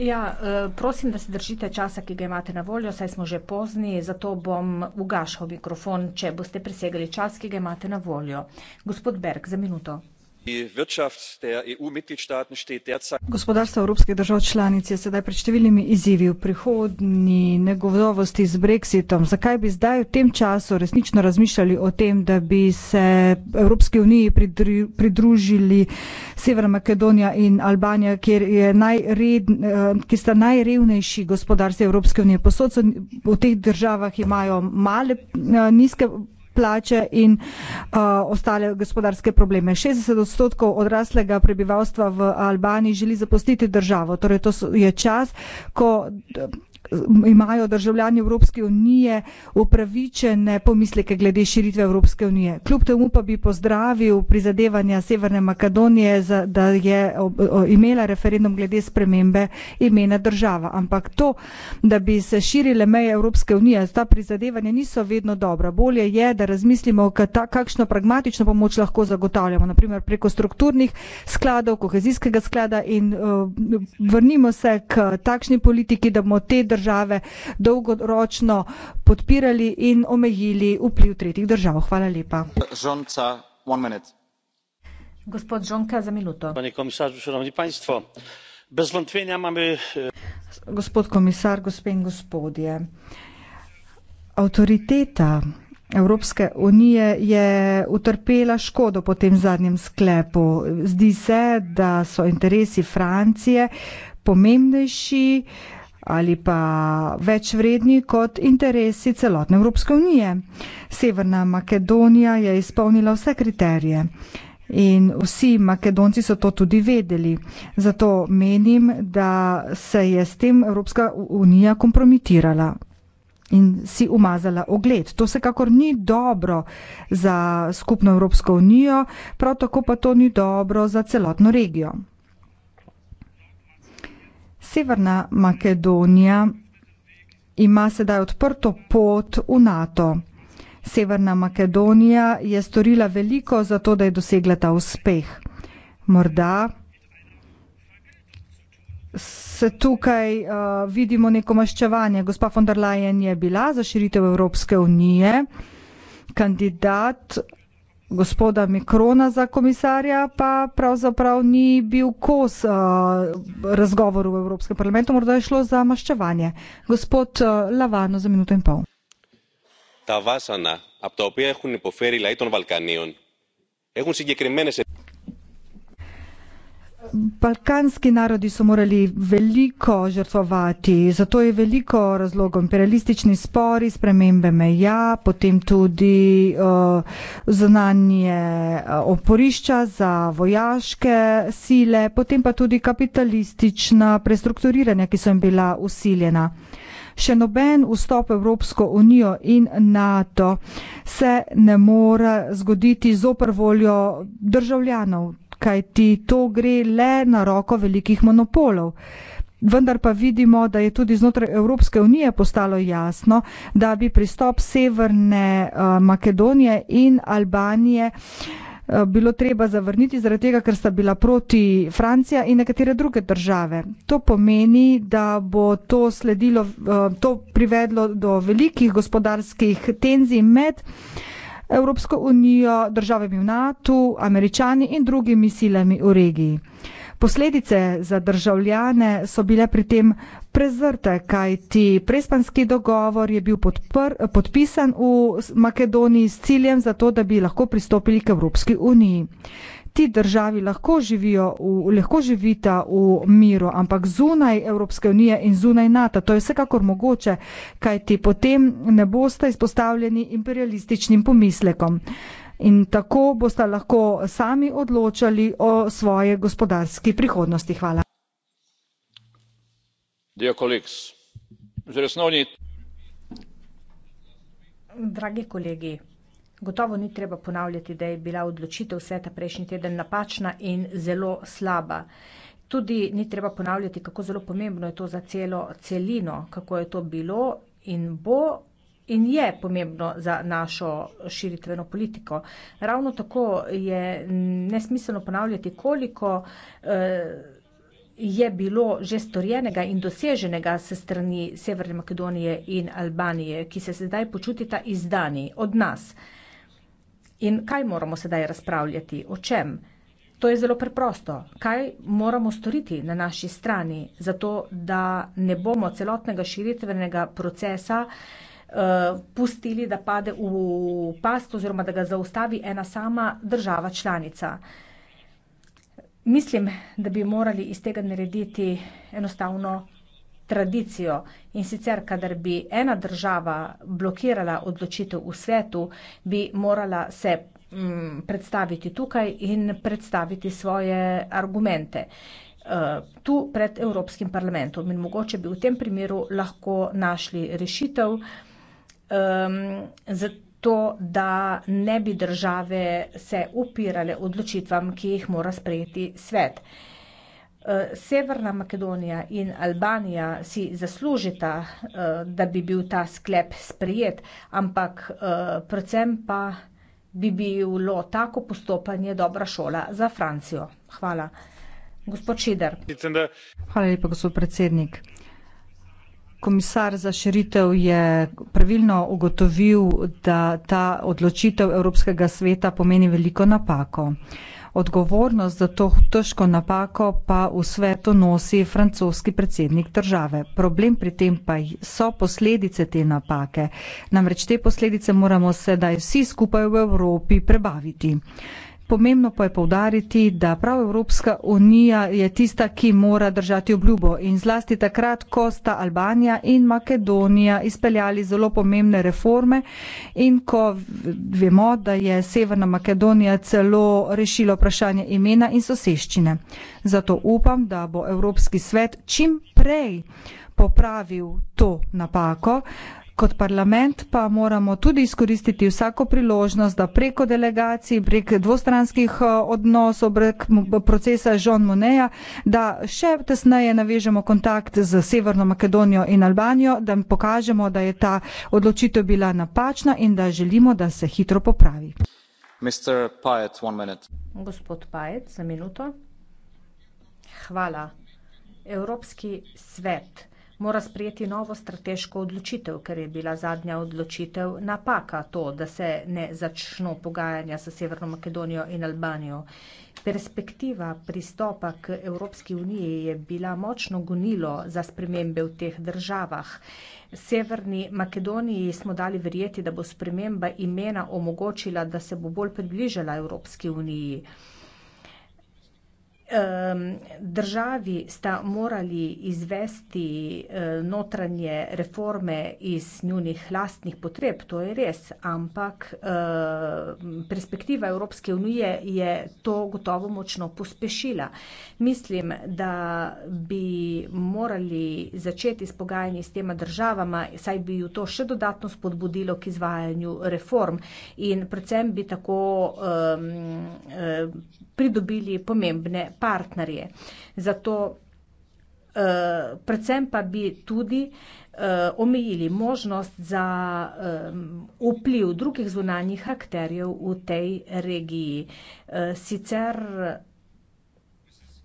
Ja, e, prosim, da se držite časa, ki ga imate na voljo, saj smo že pozni, zato bom ugašal mikrofon, če boste presegali čas, ki ga imate na voljo. Gospod Berg, za minuto. E gospodarstvo evropskih držav članic je sedaj pred številnimi izzivi v prihodnji negotovosti z brexitom zakaj bi zdaj v tem času resnično razmišljali o tem da bi se evropski uniji pridružili severna makedonija in albanija kjer je eh, ki sta najrevnejši gospodarstvi evropske unije povsod so v teh državah imajo male eh, nizke plače in uh, ostale gospodarske probleme. 60 odstotkov odraslega prebivalstva v Albaniji želi zapustiti državo. Torej, to je čas, ko imajo državljani evropske unije upravičene pomisleke glede širitve evropske unije kljub temu pa bi pozdravil prizadevanja severne makedonije za da je imela referendum glede spremembe imena države ampak to da bi se širile meje evropske unije ta prizadevanja niso vedno dobra bolje je da razmislimo kakšno pragmatično pomoč lahko zagotavljamo na primer preko strukturnih skladov kohezijskega sklada in vrnimo se k takšni politiki da bomo te države dolgoročno podpirali in omejili vpliv tretjih držav. Hvala lepa. E, Gospod komisar, gospe in gospodje. Avtoriteta Evropske unije je utrpela škodo po tem zadnjem sklepu. Zdi se, da so interesi Francije pomembnejši, ali pa več vredni kot interesi celotne Evropske unije. Severna Makedonija je izpolnila vse kriterije in vsi Makedonci so to tudi vedeli. Zato menim, da se je s tem Evropska unija kompromitirala in si umazala ogled. To se kakor ni dobro za skupno Evropsko unijo, prav tako pa to ni dobro za celotno regijo. Severna Makedonija ima sedaj odprto pot v NATO. Severna Makedonija je storila veliko za to, da je dosegla ta uspeh. Morda se tukaj uh, vidimo neko maščevanje. Gospa von der Leyen je bila za širitev Evropske unije kandidat gospoda Mikrona za komisarja, pa pravzaprav ni bil kos uh, razgovoru v Evropskem parlamentu, morda je šlo za maščevanje. Gospod uh, Lavano, za minuto in pol. Ta vasana, ki jih je poferila Eton Balkanijon, je v njih nekaj menesa. Balkanski narodi so morali veliko žrtvovati, zato je veliko razlogov. Imperialistični spori, spremembe meja, potem tudi uh, zunanje eh, oporišča za vojaške sile, potem pa tudi kapitalistična prestrukturiranja, ki so jim bila usiljena. Še noben vstop Evropsko unijo in NATO se ne more zgoditi zoper voljo državljanov kaj ti to gre le na roko velikih monopolov. Vendar pa vidimo, da je tudi znotraj Evropske unije postalo jasno, da bi pristop Severne uh, Makedonije in Albanije uh, bilo treba zavrniti, zaradi tega, ker sta bila proti Francija in nekatere druge države. To pomeni, da bo to, sledilo, uh, to privedlo do velikih gospodarskih tenzij med uh, Evropsko unijo, državami v NATO, američani in drugimi silami v regiji. Posledice za državljane so bile pri tem prezrte, kaj ti prespanski dogovor je bil podpr, podpisan v Makedoniji s ciljem za to, da bi lahko pristopili k Evropski uniji ti državi lahko živijo, v, lahko živita v miru, ampak zunaj Evropske unije in zunaj NATO. To je vsekakor mogoče, kaj ti potem ne boste izpostavljeni imperialističnim pomislekom. In tako boste lahko sami odločali o svoje gospodarski prihodnosti. Hvala. Dear colleagues, že resno ni. Dragi kolegi, Gotovo ni treba ponavljati, da je bila odločitev sveta prejšnji teden napačna in zelo slaba. Tudi ni treba ponavljati, kako zelo pomembno je to za celo celino, kako je to bilo in bo in je pomembno za našo širitveno politiko. Ravno tako je nesmiselno ponavljati, koliko eh, je bilo že storjenega in doseženega se strani Severne Makedonije in Albanije, ki se sedaj počutita izdani od nas. In kaj moramo sedaj razpravljati? O čem? To je zelo preprosto. Kaj moramo storiti na naši strani, zato da ne bomo celotnega širitvenega procesa eh, pustili, da pade v past oziroma da ga zaustavi ena sama država članica. Mislim, da bi morali iz tega narediti enostavno tradicijo. In sicer, kadar bi ena država blokirala odločitev v svetu, bi morala se mm, predstaviti tukaj in predstaviti svoje argumente eh, tu pred Evropskim parlamentom in mogoče bi v tem primeru lahko našli rešitev um, ehm, za to, da ne bi države se upirale odločitvam, ki jih mora sprejeti svet. Uh, Eh, Severna Makedonija in Albanija si zaslužita, eh, da bi bil ta sklep sprejet, ampak eh, predvsem pa bi bilo tako postopanje dobra šola za Francijo. Hvala. Gospod Šider. Hvala lepa, gospod predsednik. Komisar za širitev je pravilno ugotovil, da ta odločitev Evropskega sveta pomeni veliko napako. Uh, Odgovornost za to težko napako pa v svetu nosi francoski predsednik države. Problem pri tem pa so posledice te napake. Namreč te posledice moramo sedaj vsi skupaj v Evropi prebaviti. Pomembno pa je povdariti, da prav Evropska unija je tista, ki mora držati obljubo in zlasti takrat, ko sta Albanija in Makedonija izpeljali zelo pomembne reforme in ko vemo, da je Severna Makedonija celo rešila vprašanje imena in soseščine. Zato upam, da bo Evropski svet čim prej popravil to napako kot parlament pa moramo tudi izkoristiti vsako priložnost, da preko delegacij, prek dvostranskih eh, odnosov, prek procesa Žon Moneja, da še tesneje navežemo kontakt z Severno Makedonijo in Albanijo, da pokažemo, da je ta odločitev bila napačna in da želimo, da se hitro popravi. Pajet, Gospod Pajec, za minuto. Hvala. Evropski svet mora sprejeti novo strateško odločitev, ker je bila zadnja odločitev napaka to, da se ne začno pogajanja s Severno Makedonijo in Albanijo. Perspektiva pristopa k Evropski uniji je bila močno gonilo za spremembe v teh državah. Severni Makedoniji smo dali verjeti, da bo sprememba imena omogočila, da se bo bolj približala Evropski uniji državi sta morali izvesti eh, notranje reforme iz njunih lastnih potreb, to je res, ampak eh, perspektiva Evropske unije je to gotovo močno pospešila. Mislim, da bi morali začeti s pogajanji s tema državama, saj bi ju to še dodatno spodbudilo k izvajanju reform in predvsem bi tako eh, pridobili pomembne partnerje. Zato Uh, predvsem pa bi tudi uh, omejili možnost za um, vpliv drugih zunanjih akterjev v tej regiji. Uh, sicer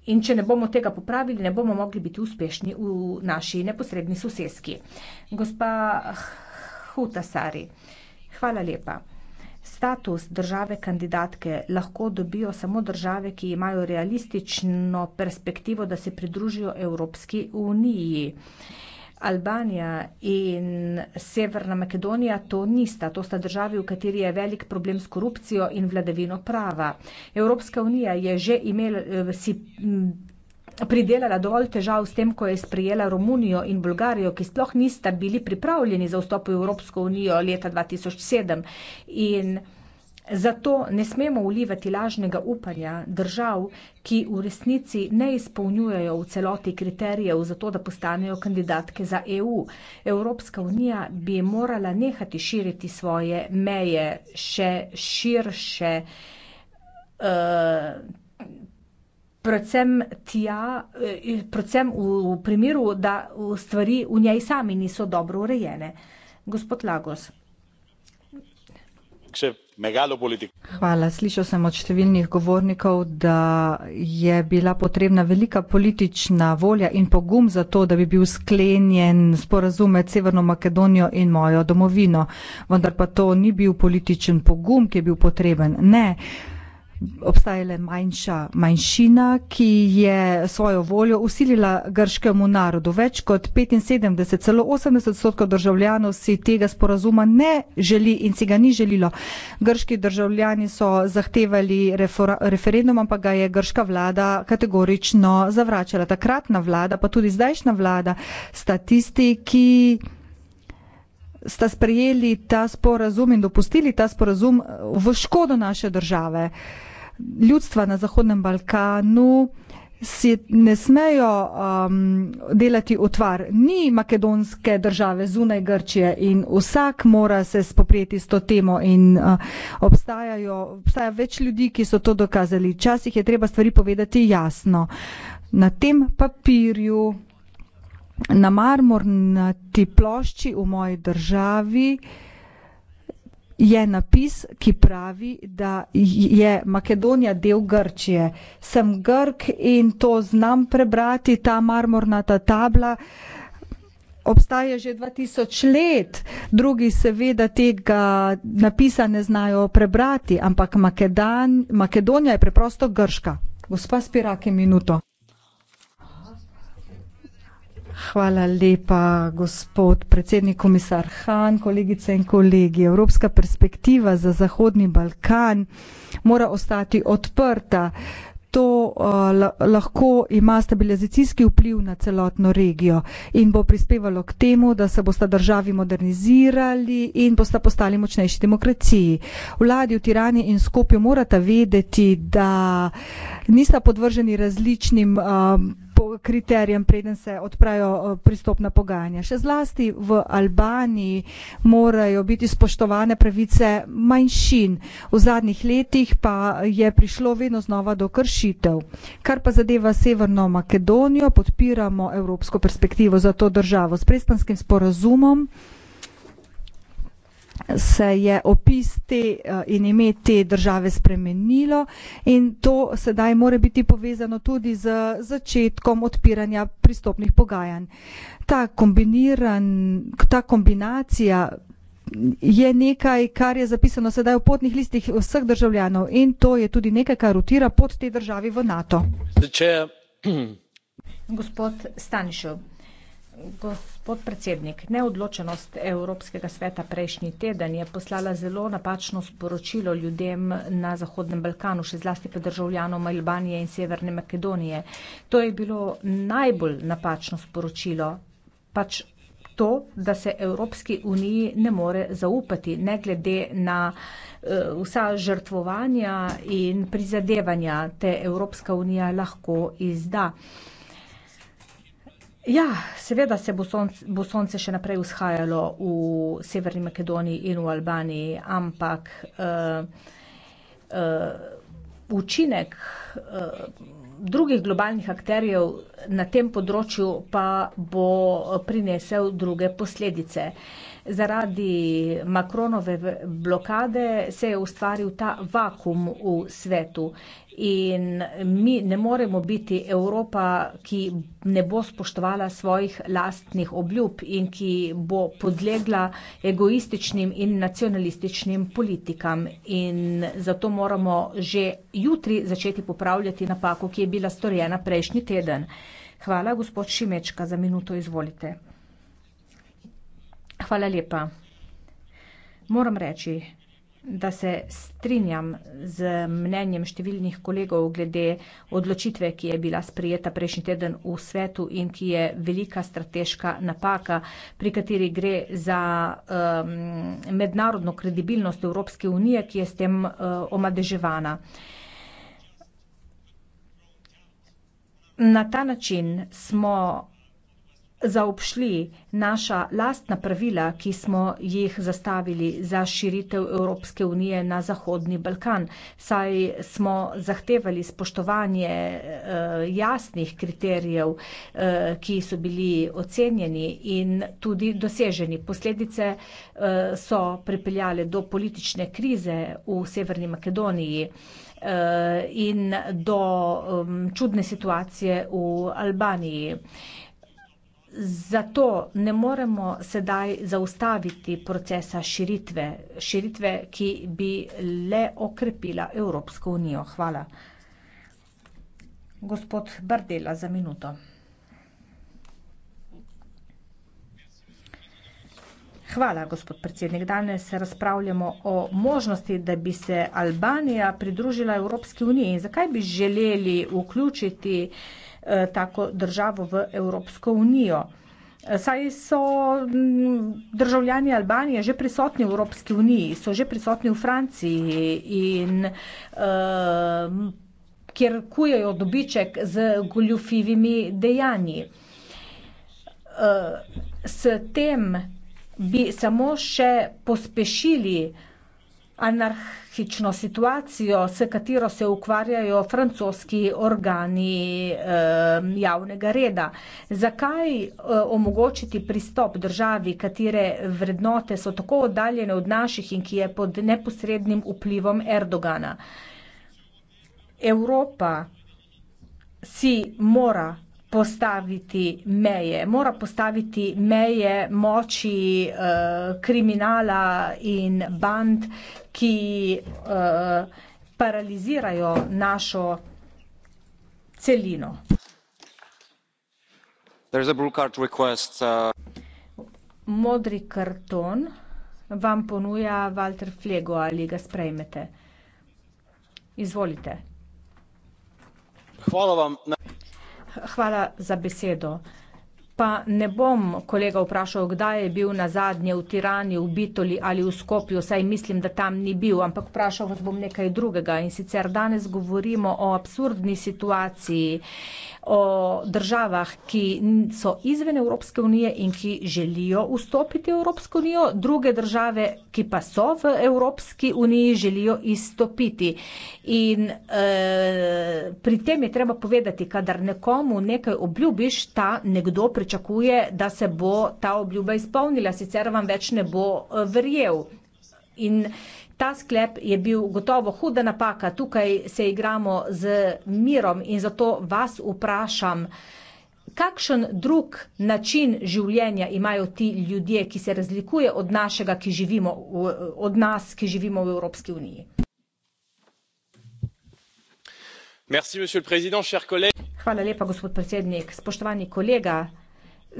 in če ne bomo tega popravili, ne bomo mogli biti uspešni v naši neposredni soseski. Gospa Hutasari, hvala lepa. Status države kandidatke lahko dobijo samo države, ki imajo realistično perspektivo, da se pridružijo Evropski uniji. Albanija in Severna Makedonija to nista. To sta državi, v kateri je velik problem s korupcijo in vladavino prava. Evropska unija je že imela eh, si pridelala dovolj težav s tem, ko je sprijela Romunijo in Bolgarijo, ki sploh nista bili pripravljeni za vstop v Evropsko unijo leta 2007. In zato ne smemo ulivati lažnega upanja držav, ki v resnici ne izpolnjujejo v celoti kriterijev za to, da postanejo kandidatke za EU. Evropska unija bi morala nehati širiti svoje meje še širše. Uh, predvsem tja, eh, predvsem v primeru, da eh, stvari v njej sami niso dobro urejene. Gospod Lagos. Hvala. Slišal sem od številnih govornikov, da je bila potrebna velika politična volja in pogum za to, da bi bil sklenjen sporazum med Severno Makedonijo in mojo domovino. Vendar pa to ni bil političen pogum, ki je bil potreben. Ne obstaja le manjša manjšina, ki je svojo voljo usilila grškemu narodu. Več kot 75, celo 80 odstotkov državljanov si tega sporazuma ne želi in si ga ni želilo. Grški državljani so zahtevali referendum, ampak ga je grška vlada kategorično zavračala. Takratna vlada, pa tudi zdajšnja vlada, statistiki sta sprejeli ta sporazum in dopustili ta sporazum v škodo naše države ljudstva na Zahodnem Balkanu si ne smejo um, delati utvar. Ni makedonske države zunaj Grčije in vsak mora se spoprijeti s to temo in uh, obstajajo, obstaja več ljudi, ki so to dokazali. Včasih je treba stvari povedati jasno. Na tem papirju, na marmornati plošči v moji državi, uh, je napis, ki pravi, da je Makedonija del Grčije. Sem Grk in to znam prebrati, ta marmornata tabla. Obstaja že 2000 let, drugi seveda tega napisa ne znajo prebrati, ampak Makedan, Makedonija je preprosto grška. Gospa Spirake, minuto. Hvala lepa, gospod predsednik komisar Han, kolegice in kolegi. Evropska perspektiva za Zahodni Balkan mora ostati odprta. To uh, lahko ima stabilizacijski vpliv na celotno regijo in bo prispevalo k temu, da se bosta državi modernizirali in bosta postali močnejši demokraciji. Vladi v Tirani in Skopju morata vedeti, da nista podvrženi različnim um, kriterijem, preden se odprajo eh, pristopna pogajanja. Še zlasti v Albaniji morajo biti spoštovane pravice manjšin. V zadnjih letih pa je prišlo vedno znova do kršitev. Kar pa zadeva Severno Makedonijo, podpiramo evropsko perspektivo za to državo. S prespanskim sporazumom se je opis te eh, in ime te države spremenilo in to sedaj more biti povezano tudi z začetkom odpiranja pristopnih pogajanj. Ta kombiniran, ta kombinacija je nekaj, kar je zapisano sedaj v potnih listih vseh državljanov in to je tudi nekaj, kar rotira pot te državi v Nato. Gospod Stanišev. Gospod predsednik, neodločenost Evropskega sveta prejšnji teden je poslala zelo napačno sporočilo ljudem na Zahodnem Balkanu, še zlasti pa državljanom Albanije in Severne Makedonije. To je bilo najbolj napačno sporočilo, pač to, da se Evropski uniji ne more zaupati, ne glede na uh, vsa žrtvovanja in prizadevanja te Evropska unija lahko izda. Uh, Ja, seveda se bo sonce, bo sonce še naprej vzhajalo v Severni Makedoniji in v Albaniji, ampak uh, uh, učinek uh, drugih globalnih akterjev na tem področju pa bo prinesel druge posledice. Uh, zaradi Makronove blokade se je ustvaril ta vakum v svetu. In mi ne moremo biti Evropa, ki ne bo spoštovala svojih lastnih obljub in ki bo podlegla egoističnim in nacionalističnim politikam. In zato moramo že jutri začeti popravljati napako, ki je bila storjena prejšnji teden. Hvala, gospod Šimečka, za minuto izvolite hvala lepa. Moram reči, da se strinjam z mnenjem številnih kolegov glede odločitve, ki je bila sprejeta prejšnji teden v svetu in ki je velika strateška napaka, pri kateri gre za um, mednarodno kredibilnost Evropske unije, ki je s tem uh, omadeževana. Na ta način smo zaobšli naša lastna pravila, ki smo jih zastavili za širitev Evropske unije na Zahodni Balkan, saj smo zahtevali spoštovanje eh, jasnih kriterijev, eh, ki so bili ocenjeni in tudi doseženi. Posledice eh, so pripeljale do politične krize v Severni Makedoniji in do čudne situacije v Albaniji. Zato ne moremo sedaj zaustaviti procesa širitve, širitve, ki bi le okrepila Evropsko unijo. Hvala. Gospod Bardela za minuto. Hvala, gospod predsednik. Danes se razpravljamo o možnosti, da bi se Albanija pridružila Evropski uniji. Zakaj bi želeli vključiti Eh, tako državo v Evropsko unijo. Eh, saj so mm, državljani Albanije že prisotni v Evropski uniji, so že prisotni v Franciji in uh, kjer kujejo dobiček z goljufivimi dejanji. Uh, s tem bi samo še pospešili uh, anarhično situacijo, s katero se ukvarjajo francoski organi eh, javnega reda. Zakaj eh, omogočiti pristop državi, katere vrednote so tako oddaljene od naših in ki je pod neposrednim vplivom Erdogana? Evropa si mora postaviti meje, mora postaviti meje moči e, kriminala in band, ki e, paralizirajo našo celino. Uh, Modri karton vam ponuja Walter Flego, ali ga sprejmete. Izvolite. Hvala vam hvala za besedo. Pa ne bom kolega vprašal, kdaj je bil nazadnje v Tirani, v Bitoli ali v Skopju, saj mislim, da tam ni bil, ampak vprašal vas bom nekaj drugega. In sicer danes govorimo o absurdni situaciji, uh, o državah, ki so izven Evropske unije in ki želijo vstopiti v Evropsko unijo, druge države, ki pa so v Evropski uniji, želijo izstopiti. In e, pri tem je treba povedati, kadar nekomu nekaj obljubiš, ta nekdo pričakuje, da se bo ta obljuba izpolnila, sicer vam več ne bo eh, verjel. In Ta sklep je bil gotovo huda napaka, tukaj se igramo z mirom in zato vas vprašam, kakšen drug način življenja imajo ti ljudje, ki se razlikuje od našega, ki živimo, od nas, ki živimo v Evropski uniji? Hvala lepa, gospod predsednik. Spoštovani kolega,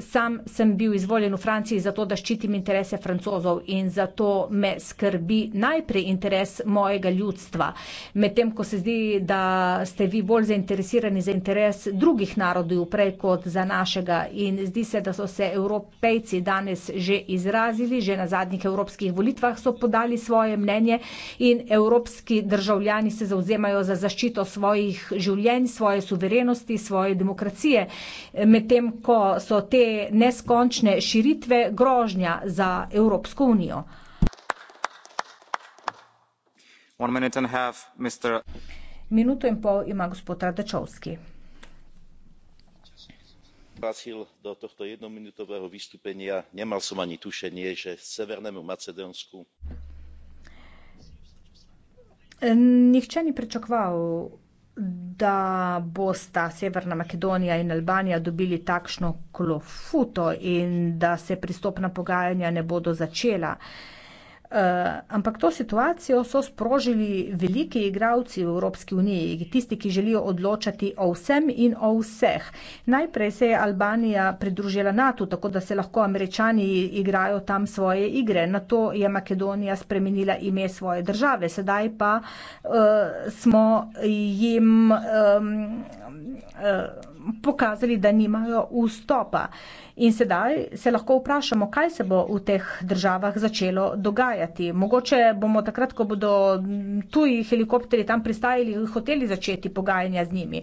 sam sem bil izvoljen v Franciji zato, da ščitim interese francozov in zato me skrbi najprej interes mojega ljudstva. Medtem, ko se zdi, da ste vi bolj zainteresirani za interes drugih narodov prej kot za našega in zdi se, da so se evropejci danes že izrazili, že na zadnjih evropskih volitvah so podali svoje mnenje in evropski državljani se zauzemajo za zaščito svojih življenj, svoje suverenosti, svoje demokracije. Medtem, ko so te neskončne širitve grožnja za Evropsko unijo. Minuto in pol ima gospod Radačovski. Prosil do tohto jednominutového vystúpenia, nemal som ani tušenie, že Severnému Macedónsku. Nihče ni pričakoval da bosta Severna Makedonija in Albanija dobili takšno klofuto in da se pristopna pogajanja ne bodo začela. Eh, ampak to situacijo so sprožili veliki igravci v Evropski uniji, tisti, ki želijo odločati o vsem in o vseh. Najprej se je Albanija pridružila NATO, tako da se lahko američani igrajo tam svoje igre, na to je Makedonija spremenila ime svoje države, sedaj pa uh, smo jim um, uh, pokazali, da nimajo vstopa. In sedaj se lahko vprašamo, kaj se bo v teh državah začelo dogajati. Mogoče bomo takrat, ko bodo tuji helikopteri tam pristajali, hoteli začeti pogajanja z njimi.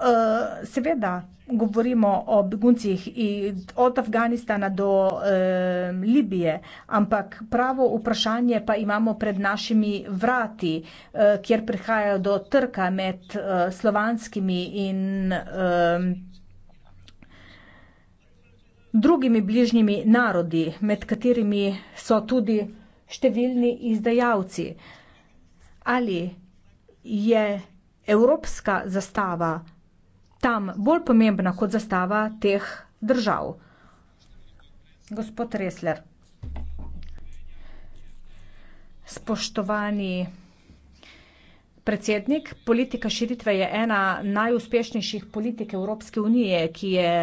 Uh, seveda, govorimo o beguncih od Afganistana do e, Libije, ampak pravo vprašanje pa imamo pred našimi vrati, e, kjer prihajajo do trka med e, slovanskimi in e, drugimi bližnjimi narodi, med katerimi so tudi številni izdajalci. Ali je evropska zastava tam bolj pomembna kot zastava teh držav. Gospod Resler. Spoštovani predsednik, politika širitve je ena najuspešnejših politik Evropske unije, ki je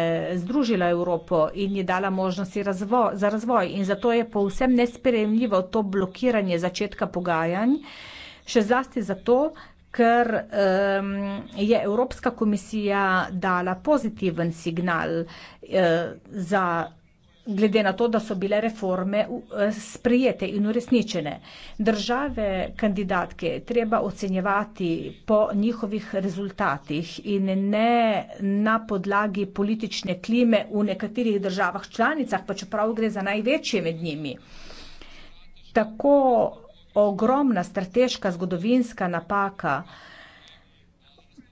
združila Evropo in ji dala možnosti za razvoj. In zato je povsem nesprejemljivo to blokiranje začetka pogajanj, še zlasti zato, ker um, je Evropska komisija dala pozitiven signal uh, za glede na to, da so bile reforme eh, sprijete in uresničene. Države kandidatke treba ocenjevati po njihovih rezultatih in ne na podlagi politične klime v nekaterih državah članicah, pa čeprav gre za največje med njimi. Tako ogromna strateška zgodovinska napaka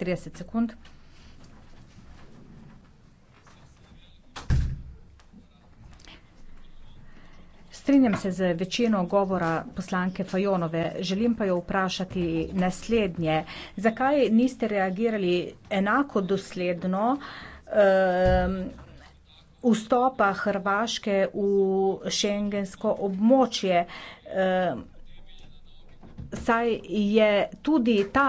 30 sekund. Strinjam se z večino govora poslanke Fajonove, želim pa jo vprašati naslednje. Zakaj niste reagirali enako dosledno ehm, vstopa um, Hrvaške v šengensko območje? Um, saj je tudi ta